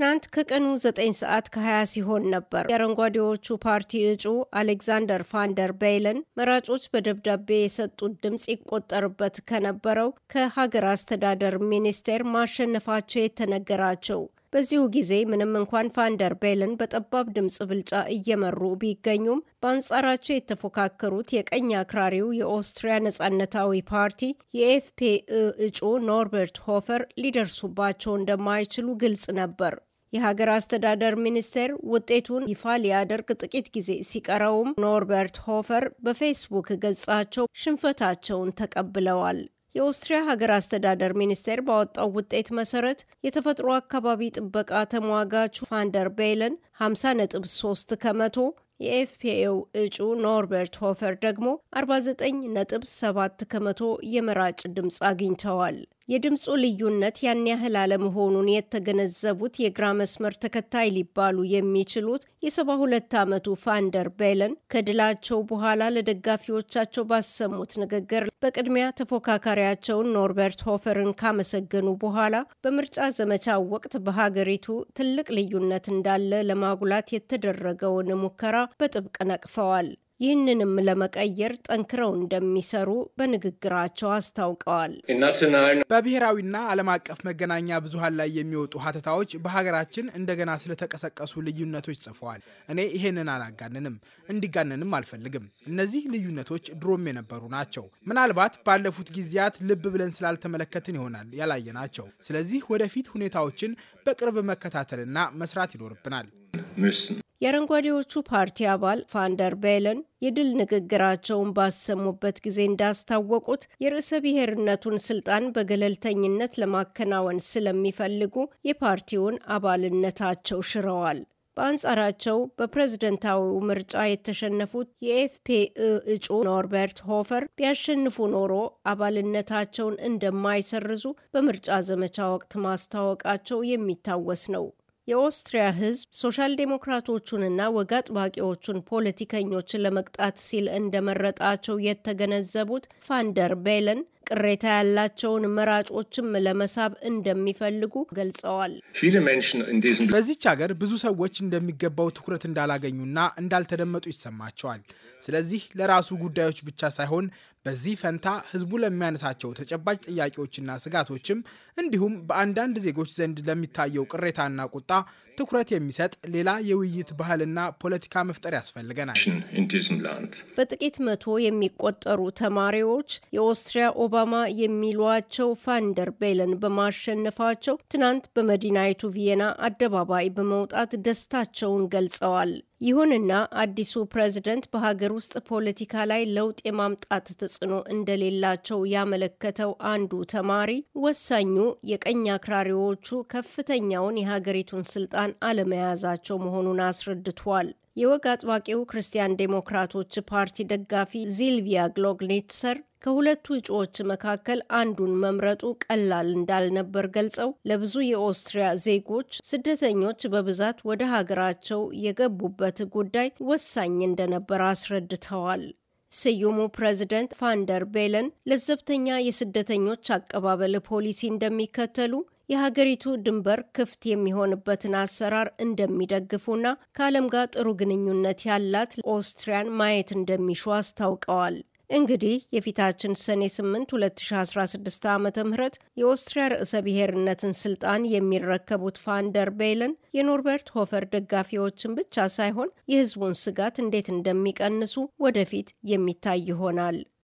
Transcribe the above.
ትናንት ከቀኑ 9 ሰዓት ከ20 ሲሆን ነበር የአረንጓዴዎቹ ፓርቲ እጩ አሌክዛንደር ፋንደር ቤይለን መራጮች በደብዳቤ የሰጡት ድምፅ ይቆጠርበት ከነበረው ከሀገር አስተዳደር ሚኒስቴር ማሸነፋቸው የተነገራቸው። በዚሁ ጊዜ ምንም እንኳን ፋንደር ቤይለን በጠባብ ድምፅ ብልጫ እየመሩ ቢገኙም በአንጻራቸው የተፎካከሩት የቀኝ አክራሪው የኦስትሪያ ነጻነታዊ ፓርቲ የኤፍፔ እጩ ኖርበርት ሆፈር ሊደርሱባቸው እንደማይችሉ ግልጽ ነበር። የሀገር አስተዳደር ሚኒስቴር ውጤቱን ይፋ ሊያደርግ ጥቂት ጊዜ ሲቀረውም ኖርበርት ሆፈር በፌስቡክ ገጻቸው ሽንፈታቸውን ተቀብለዋል። የኦስትሪያ ሀገር አስተዳደር ሚኒስቴር ባወጣው ውጤት መሰረት የተፈጥሮ አካባቢ ጥበቃ ተሟጋቹ ፋንደር ቤለን 53 ከመቶ፣ የኤፍፒኤው እጩ ኖርበርት ሆፈር ደግሞ 49.7 ከመቶ የመራጭ ድምፅ አግኝተዋል። የድምፁ ልዩነት ያን ያህል አለመሆኑን የተገነዘቡት የግራ መስመር ተከታይ ሊባሉ የሚችሉት የሰባ ሁለት ዓመቱ ፋንደር ቤለን ከድላቸው በኋላ ለደጋፊዎቻቸው ባሰሙት ንግግር በቅድሚያ ተፎካካሪያቸውን ኖርበርት ሆፈርን ካመሰገኑ በኋላ በምርጫ ዘመቻ ወቅት በሀገሪቱ ትልቅ ልዩነት እንዳለ ለማጉላት የተደረገውን ሙከራ በጥብቅ ነቅፈዋል። ይህንንም ለመቀየር ጠንክረው እንደሚሰሩ በንግግራቸው አስታውቀዋል። በብሔራዊና ዓለም አቀፍ መገናኛ ብዙሃን ላይ የሚወጡ ሀተታዎች በሀገራችን እንደገና ስለተቀሰቀሱ ልዩነቶች ጽፈዋል። እኔ ይሄንን አላጋንንም፣ እንዲጋንንም አልፈልግም። እነዚህ ልዩነቶች ድሮም የነበሩ ናቸው። ምናልባት ባለፉት ጊዜያት ልብ ብለን ስላልተመለከትን ይሆናል ናቸው ስለዚህ ወደፊት ሁኔታዎችን በቅርብ መከታተልና መስራት ይኖርብናል። የአረንጓዴዎቹ ፓርቲ አባል ፋንደር ቤለን የድል ንግግራቸውን ባሰሙበት ጊዜ እንዳስታወቁት የርዕሰ ብሔርነቱን ስልጣን በገለልተኝነት ለማከናወን ስለሚፈልጉ የፓርቲውን አባልነታቸው ሽረዋል። በአንጻራቸው በፕሬዝደንታዊው ምርጫ የተሸነፉት የኤፍፒኤ እጩ ኖርበርት ሆፈር ቢያሸንፉ ኖሮ አባልነታቸውን እንደማይሰርዙ በምርጫ ዘመቻ ወቅት ማስታወቃቸው የሚታወስ ነው። የኦስትሪያ ህዝብ ሶሻል ዴሞክራቶቹንና ወግ አጥባቂዎቹን ፖለቲከኞችን ለመቅጣት ሲል እንደመረጣቸው የተገነዘቡት ፋንደር ቤለን ቅሬታ ያላቸውን መራጮችም ለመሳብ እንደሚፈልጉ ገልጸዋል። በዚች ሀገር ብዙ ሰዎች እንደሚገባው ትኩረት እንዳላገኙና እንዳልተደመጡ ይሰማቸዋል። ስለዚህ ለራሱ ጉዳዮች ብቻ ሳይሆን በዚህ ፈንታ ህዝቡ ለሚያነሳቸው ተጨባጭ ጥያቄዎችና ስጋቶችም እንዲሁም በአንዳንድ ዜጎች ዘንድ ለሚታየው ቅሬታና ቁጣ ትኩረት የሚሰጥ ሌላ የውይይት ባህልና ፖለቲካ መፍጠር ያስፈልገናል። በጥቂት መቶ የሚቆጠሩ ተማሪዎች የኦስትሪያ ኦባ ኦባማ የሚሏቸው ፋንደር ቤለን በማሸነፋቸው ትናንት በመዲናይቱ ቪየና አደባባይ በመውጣት ደስታቸውን ገልጸዋል። ይሁንና አዲሱ ፕሬዝደንት በሀገር ውስጥ ፖለቲካ ላይ ለውጥ የማምጣት ተጽዕኖ እንደሌላቸው ያመለከተው አንዱ ተማሪ ወሳኙ የቀኝ አክራሪዎቹ ከፍተኛውን የሀገሪቱን ስልጣን አለመያዛቸው መሆኑን አስረድቷል። የወግ አጥባቂው ክርስቲያን ዴሞክራቶች ፓርቲ ደጋፊ ዚልቪያ ግሎግኔትሰር ከሁለቱ እጩዎች መካከል አንዱን መምረጡ ቀላል እንዳልነበር ገልጸው ለብዙ የኦስትሪያ ዜጎች ስደተኞች በብዛት ወደ ሀገራቸው የገቡበት ያሉበት ጉዳይ ወሳኝ እንደነበር አስረድተዋል። ስዩሙ ፕሬዝደንት ፋንደር ቤለን ለዘብተኛ የስደተኞች አቀባበል ፖሊሲ እንደሚከተሉ የሀገሪቱ ድንበር ክፍት የሚሆንበትን አሰራር እንደሚደግፉና ከዓለም ጋር ጥሩ ግንኙነት ያላት ኦስትሪያን ማየት እንደሚሹ አስታውቀዋል። እንግዲህ የፊታችን ሰኔ 8 2016 ዓ ም የኦስትሪያ ርዕሰ ብሔርነትን ስልጣን የሚረከቡት ፋንደር ቤይለን የኖርበርት ሆፈር ደጋፊዎችን ብቻ ሳይሆን የህዝቡን ስጋት እንዴት እንደሚቀንሱ ወደፊት የሚታይ ይሆናል።